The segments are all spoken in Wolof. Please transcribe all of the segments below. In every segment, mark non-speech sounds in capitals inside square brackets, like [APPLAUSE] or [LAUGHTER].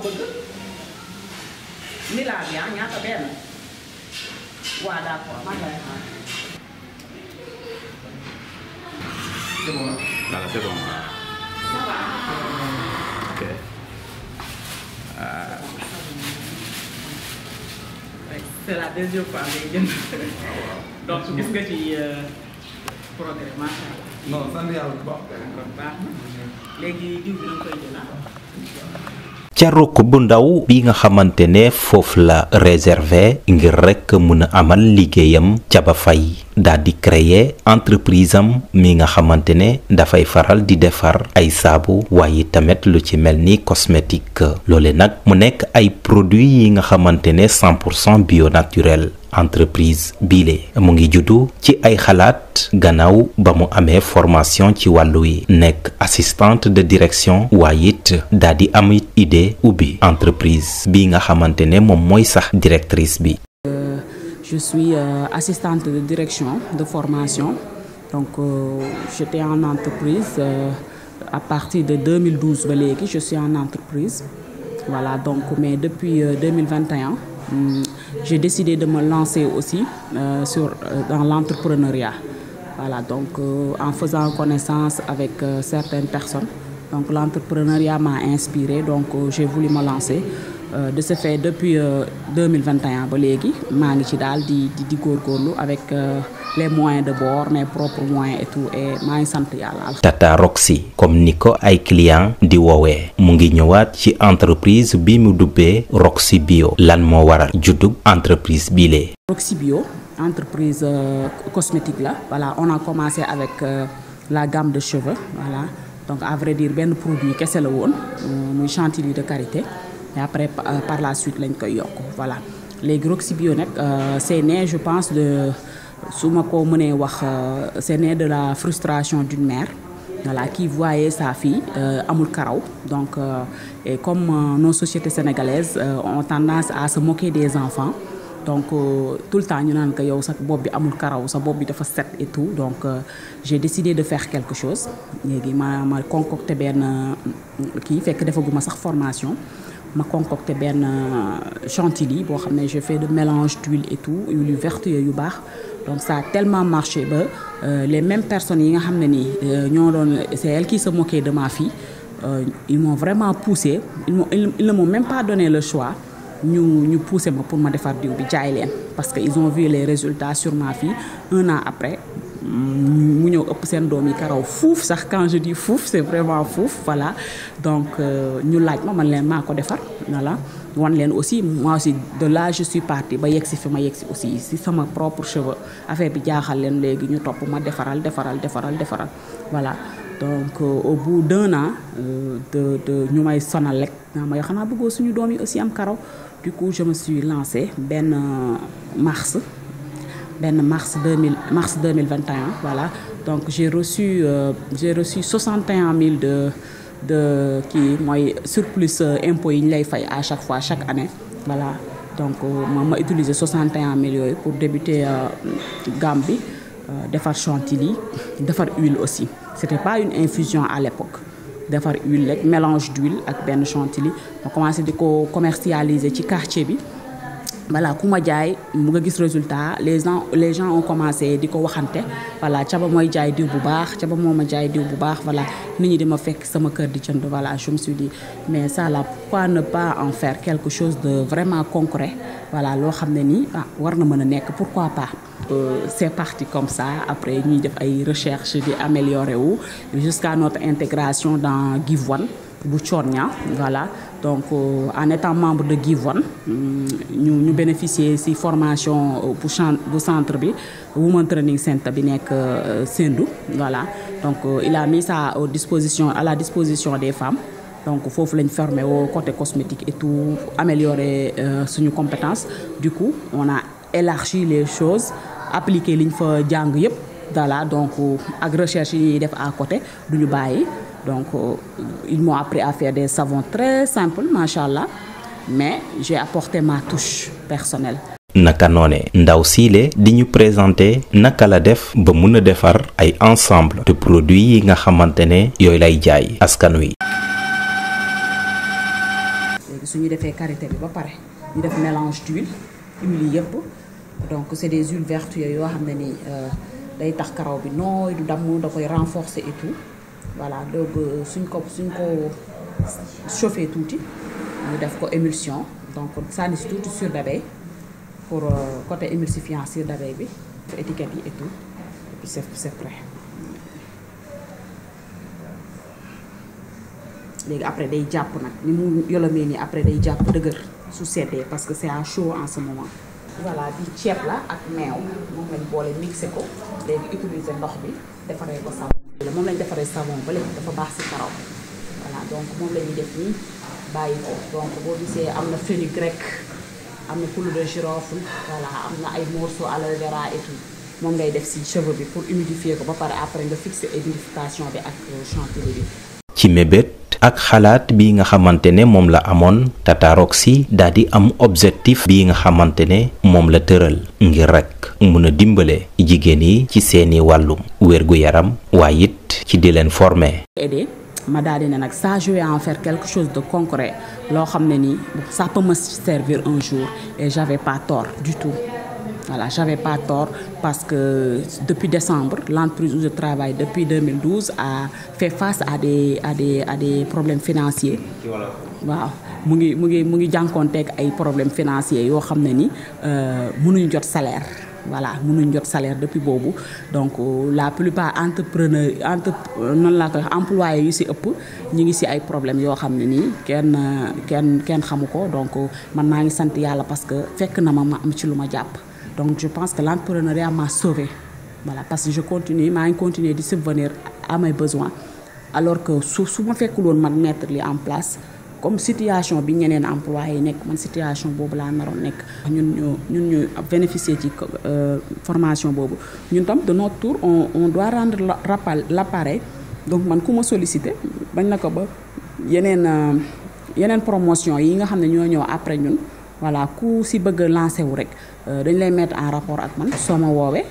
ko bëgg nilaa bi ah ñaata waa d'accord maa ngi lay xaar. c'est bon. voilà c'est bon. ça va. ok. la deuxième fois nga ci progrès macha allah. non sant yàlla bu baax. kon baax na léegi diw bi da nga koy ah? ca rokk bu ndaw bi nga xamante ne foofu la réservé ngir rekk mun a amal liggéeyam ca ba fay daal di créer entreprise am mi nga xamante ne dafay faral di defar ay saabu waaye tamit lu ci mel ni cosmétique loole nag mu nekk ay produits yi nga xamante ne 100 pour cent bio naturel entreprise biile mu ngi juddu ci ay xalaat gannaaw ba mu amee formation ci wàllu yi nekk assistante de direction waaye it daa di am it ubbi entreprise bi nga xamante ne moom mooy sax directrice bi. Euh, je suis euh, assistante de direction de formation donc euh, j'étais en entreprise euh, à partir de 2012 ba léegi je suis en entreprise voilà donc mais depuis 2021. Euh, Euh, j'ai décidé de me lancer aussi euh, sur euh, dans l'entrepreneuriat voilà donc en faisant connaissance avec certaines personnes donc l'entrepreneuriat m'a inspiré donc j'ai voulu me lancer Euh, de ce fait depuis 2021 euh, ba léegi maa ngi ci daal di di góorgóorlu avec euh, les moyens de bord mes propres moyens et tout et maa ngi sant yàlla. Tata Roxy comme ni ko ay clients di woowee mu ngi ñëwaat ci entreprise bi mu dubbee Roxy Bio lan moo waral juddub entreprise bii lee. Roxy Bio entreprise cosmétique la voilà on a commencé avec la gamme de cheveux voilà donc à vrai dire benn produit kese la woon muy chantilly de quarité et après euh, par la suite lañ koy yokk voilà léegi Roxibio nag euh, c'est né je pense de su ma ko mënee wax euh, c'est né de la frustration d'une mère voilà qui voyait sa fille amul karaw donc euh, comme no société sociétés sénégalaises euh, ont tendance à se moquer des enfants donc tout le temps ñu naan que yow sa bopp bi amul karaw sa bopp bi dafa set et tout donc j'ai décidé de faire quelque chose léegi ma ma concocté benn kii fekk defaguma sax formation ma concocté benn euh, chantilly boo xam ne je fais de mélange d'huile et tout huile yu verte yu baax donc ça a marché ba euh, les mêmes personnes yi nga xam ne nii euh, ñoo doon c'est elle qui se moquait de ma fille ils m'ont vraiment poussé ils m'ont ils ne m'ont même pas donné le choix ñu ñu poussé ma pour ma defar diw bi jaay leen parce que ils ont vu les résultat sur ma fille un an après mu ñëw ëpp seen doom yi karaw fuuf sax quand je dis fuuf c'est vraiment fuuf voilà donc euh, ñu laaj ma man leen maa ko defar voilà wan leen aussi moi aussi de là je suis partie ba yegg si fi ma yegg si aussi si sama propre cheveux affaire bi jaaxal leen léegi ñu topp ma defaral defaral defaral defaral voilà donc euh, au bout d'un an euh, de de ñu may sonal rek naa ma yoo xanaa bëggoo suñu doom yi aussi am karaw du coup je lancé benn mars benn mars 2000 mars 2021 voilà donc j'ai reçu euh, j'ai reçu 61 mille de de kii mooy surplus euh, impôts yi ñu lay fay à chaque fois chaque année voilà donc euh, ma ma utiliser 61 000 yooyu pour débuter euh, gamme bi defar chantilly defar huile aussi c'était pas une infusion à l'époque defar huile rek mélange d'huile ak benn chantilly ma commencé di ko commercialiser ci quartier bi voilà ku ma jaay mu nga gis résultat les gens les gens ont commencé di ko waxante voilà ba mooy jaay diw bu baax ca ba moo ma jaay diw bu baax ni ñu ñi dama fekk sama kër di jënd voilà je me mais ça là pourquoi ne pas en faire quelque chose de vraiment concret voilà loo xam ne nii ah war na mën a nekk pourquoi pas Euh, c'est parti comme ça après ñuy def ay recherche di améliorer wu jusqu'à notre intégration dans Give One bu Thionia voilà donc euh, en étant membre de Givon mm, ñu ñu bénéficier ci formation bu euh, bu centre bi Women Training Center bi nekk euh, Sendou voilà donc il a mis ça aux dispositions à la disposition des femmes donc foofu lañ formé au côté cosmétique et tout améliorer suñu compétence du coup on a élargi les choses appliqué liñ fa jàng yëpp voilà donc ak recherche yi ñuy def à côté duñu bàyyi donc euh, ils m'ont appris à faire des savons très simples macha allah mais j'ai apporté ma touche naka noone ndaw siile di ñu présenté naka la def ba mun a defar ay ensemble de produits yi nga xamante ne yooyu lay jaay askan wi. su ñu defee karité bi ba pare ñu def mélange d'huile huile yi donc c'est des huiles vertueuses yoo xam ne ni euh, day tax karaw bi nooy du damm da koy renforcer et voilà donc suñ ko suñ ko chauffé tuuti ñu def ko émulsion donc sànni si tuuti sur d'abeille pour euh, côté émulsifiant sur d'abeille bi étiquette yi et tout et léegi après day jàpp nag ni mu yolomee nii après day jàpp dëgër su seddee parce que c'est à chaud en ce moment. voilà bi ceeb la ak meew moom lañ boole mixé léegi utiliser ndox bi defaree ko sàmm. moom lañ defaree savon ba léegi dafa baax si karaw voilà donc moom la ñuy def nii bàyyi ko donc boo gisee am na fenugrec grec am na poudre de girofle voilà am na ay morceaux aloe vera et moom ngay def si cheveux bi pour humidifier ko ba pare après nga fixer humidification bi ak chantilly bi. ci mébét. ak xalaat bi nga xamante ne moom la amoon Tata Roxy daal di am objectif bi nga xamante ne moom la tëral ngir rek mun a dimbale jigéen yi ci seeni wàllum wér-gu-yaram waaye it ci di leen former. ma daal di na nag ça je vais en faire quelque chose de concret loo xam ne nii ça peut me servir un jour et j'avais pas tort du tout. Voilà, j'avais pas tort parce que depuis décembre, l'entreprise où je travaille depuis 2012 a fait à des, à des, à des problèmes financiers. waaw mu ngi mu ngi mu ngi jànkoonteeg ay problèmes financiers yoo xam ne ni euh, mënuñ jot salaire voilà mënuñ jot salaire depuis boobu donc euh, la plupart entrepreneur entre noonu laa koy employé yu si ëpp ñu ngi si ay problème yoo xam ne nii kenn kenn kenn xamu ko donc man maa ngi sant yàlla parce que fekk na ma ma am ci lu ma jàpp. donc je pense que l'entrepreneuriat m'a sauvé voilà parce que je continue maa ngi continuer di subvenir à mes alors que su su ma fekkul woon man mettre li en place comme situation bi ñeneen employé yi nekk man situation boobu laa naroon nekk ñun ñu ñun ñu bénéficier ci euh, formation boobu ñun tam de notre tour on on doit rendre l'appel l'appareil donc man ku ma sollicité bañ na ko ba yeneen euh, yeneen promotion yi nga xam ne ñoo ñëw après ñun voilà ku si bëgg a lancé wu rek euh, dañ lay mettre en rapport ak man soo ma woowee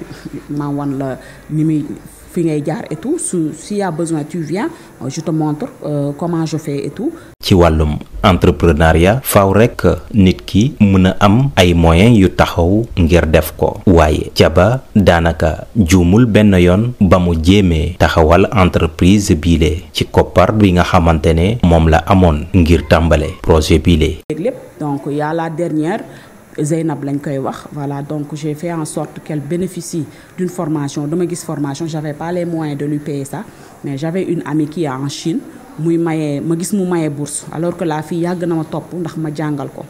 [LAUGHS] ma wan la ni muy fi ngay jaar et su si y a besoin tu viens je te montre euh, comment je fais et ci wàllum entrepreneuriat faw rekk nit ki mën a am ay moyens yu taxaw ngir def ko waaye jaba daanaka juumul benn yoon ba mu jéemee taxawal entreprise biile ci koppar bi nga xamante ne moom la amoon ngir tàmbale projet biile. lépp donc y a Zeynab lañ koy wax voilà donc j'ai fait en sorte qu'elle bénéficie d'une formation dama gis formation j'avais pas les moyens de lui payer ça mais j'avais une amie qui en Chine muy maye ma gis mu maye bourse alors que la fille yàgg na ma topp ndax ma jàngal ko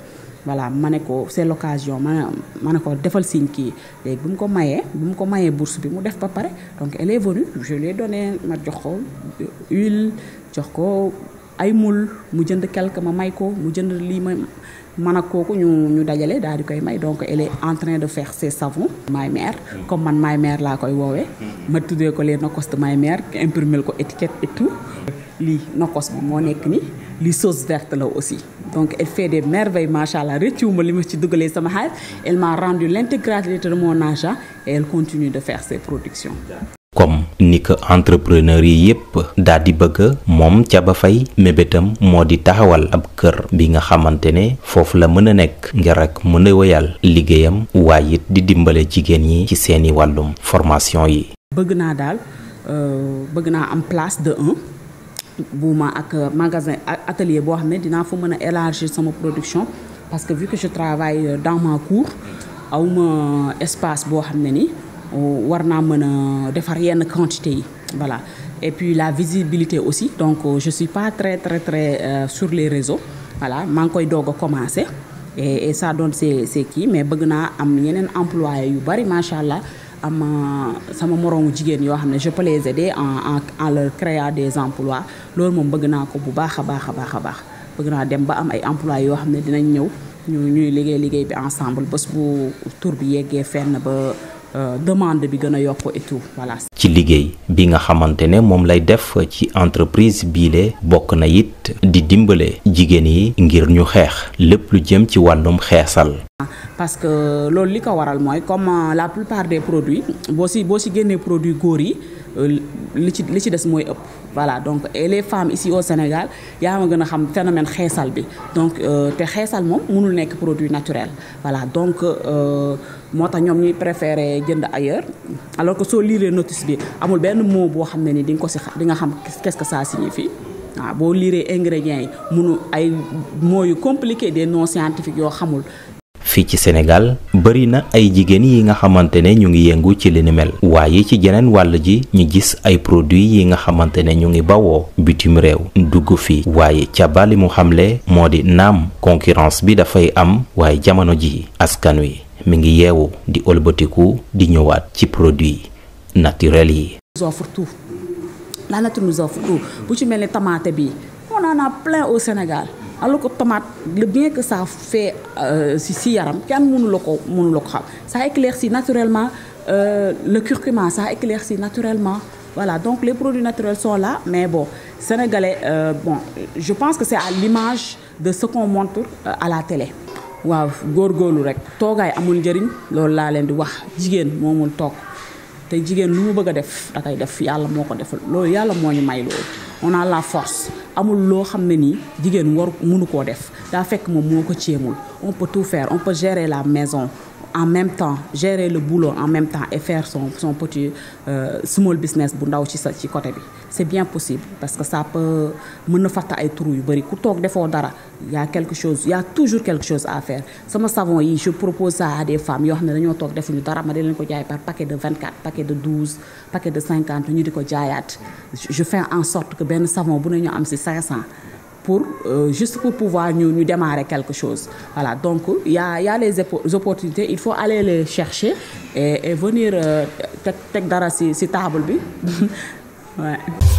voilà ma ne ko c'est l'occasion ma ma ne ko defal signe kii léegi bu mu ko mayee bu mu ko mayee bourse bi mu def ba pare donc elle est venue je lui ai ma jox ko huile jox ko ay mul mu jënd quelque ma may ko mu jënd lii ma man ak kooku ñu ñu dajale daal di koy may donc elle est en de faire ses savons my mère mm. comme man my mère laa koy woowee mm-hmm. ma tuddee ko les nokos de my mère imprimel ko étiquette et lii nokos bi moo nekk nii lii sauce verte la aussi donc elle fait des merveilles macha allah rëccuwuma li ma ci dugalee sama xaalis elle m'a rendu l'intégralité de mon argent et continue de faire ses productions comme ni ko entrepreneur yi yépp daal di bëgg moom ba fay mébétam moo di taxawal ab kër bi nga xamante ne foofu la mën a nekk ngir rek mën a woyal liggéeyam waaye it di dimbale jigéen ñi ci seeni wàllum formation yi. bëgg naa daal euh, bëgg naa am place de un bu ma ak magasin atelier boo xam ne dinaa fa mën a élargir sama production parce que vu que je travaille dans ma cour espace boo xam ne ni. war naa mën a defar yenn quantité yi voilà et puis la visibilité aussi donc euh, je suis pas très très très euh, sur les réseaux voilà maa ngi koy doog a commencer et et ça donne kii mais bëgg naa am yeneen employé yu bari macha allah am euh, sama moroomu jigéen yoo xam ne je peux les en en en leur créant des emplois loolu moom bëgg naa ko bu baax a baax a baax a baax bëgg naa dem ba am ay employés yoo xam ne dinañ ñëw ñu ñuy liggéey liggéey bi ensemble bés bu tur bi yeggee fenn ba. Euh, demande bi gën a yokk et tout ci liggéey bi nga xamante ne moom lay def ci entreprise biile bokk na it di dimbale jigéen yi ngir ñu xeex lépp lu jëm ci wàllum xeesal. parce que loolu li ko waral mooy comme euh, la plupart des produits boo si boo si génnee produit góor yi. Euh, li ci li ci des mooy ëpp voilà donc et les femmes ici au Sénégal yaa ma gën a xam phénomène xeesal bi donc euh, te xeesal moom mënul nekk produit naturel voilà donc euh, moo tax ñoom ñuy préféré jënd ailleurs alors que soo liiree notice bi amul benn moo boo xam ne ni di nga ko si di nga xam qu'est-ce que ça signifie waaw boo liiree ingrédients yi mënu ay moo yu compliqué des noms scientifiques yoo xamul fii ci Sénégal bëri na ay jigéen yi nga xamante ne ñu ngi yëngu ci li ni mel waaye ci jeneen wàll ji ñu gis ay produits yi nga xamante ne ñu ngi bawoo bitim réew dugg fii waaye ca bali mu xamle moo di naam concurrence bi dafay am waaye jamono ji askan wi mi ngi yeewu di olbatiku di ñëwaat ci produit naturel yi. la nature nous bu ci mel tamaate bi on en a plein au Sénégal. alors ko tomate le bien que ça fait euh, si si yaram kenn mënu la ko mënula ko xam ça éclaircit naturellement euh, le curcuma ça éclaircit naturellement voilà donc les produits naturels sont là mais bon sénégalais euh, bon je pense que c'est à l'image de ce qu'on montre euh, à la télé waaw góorgóorlu rek toogaay amul njëriñ loolu laa leen di wax jigéen moomul toog te jigéen lu mu bëgg a def da koy def yàlla moo ko def loolu yàlla moo ñu may loolu on a la force amul loo xam ne nii jigéen war mënu koo def daa fekk moom moo ko céemul on peut fair faire on la maison en même temps gérer le boulot en même temps et faire son son petit euh, small business bu ndaw ci sa ci côté bi c'est bien possible parce que ça peut mën na fatta ay trous yu bari ku toog defoo dara y a quelque chose y a toujours quelque chose à faire sama savon yi je propose ça à des femmes yoo xam ne dañoo toog defuñu dara ma di leen ko jaay par paquet de 24 paquet de 12 paquet de 50 ñu di ko jaayaat je fais en sorte que benn savon bu ne ñu am ci 500 pour euh, juste pour pouvoir ñu ñu démarrer quelque chose voilà donc ya a y les opportunités il faut aller les chercher et, et venir euh, teg teg dara ci table bi [LAUGHS]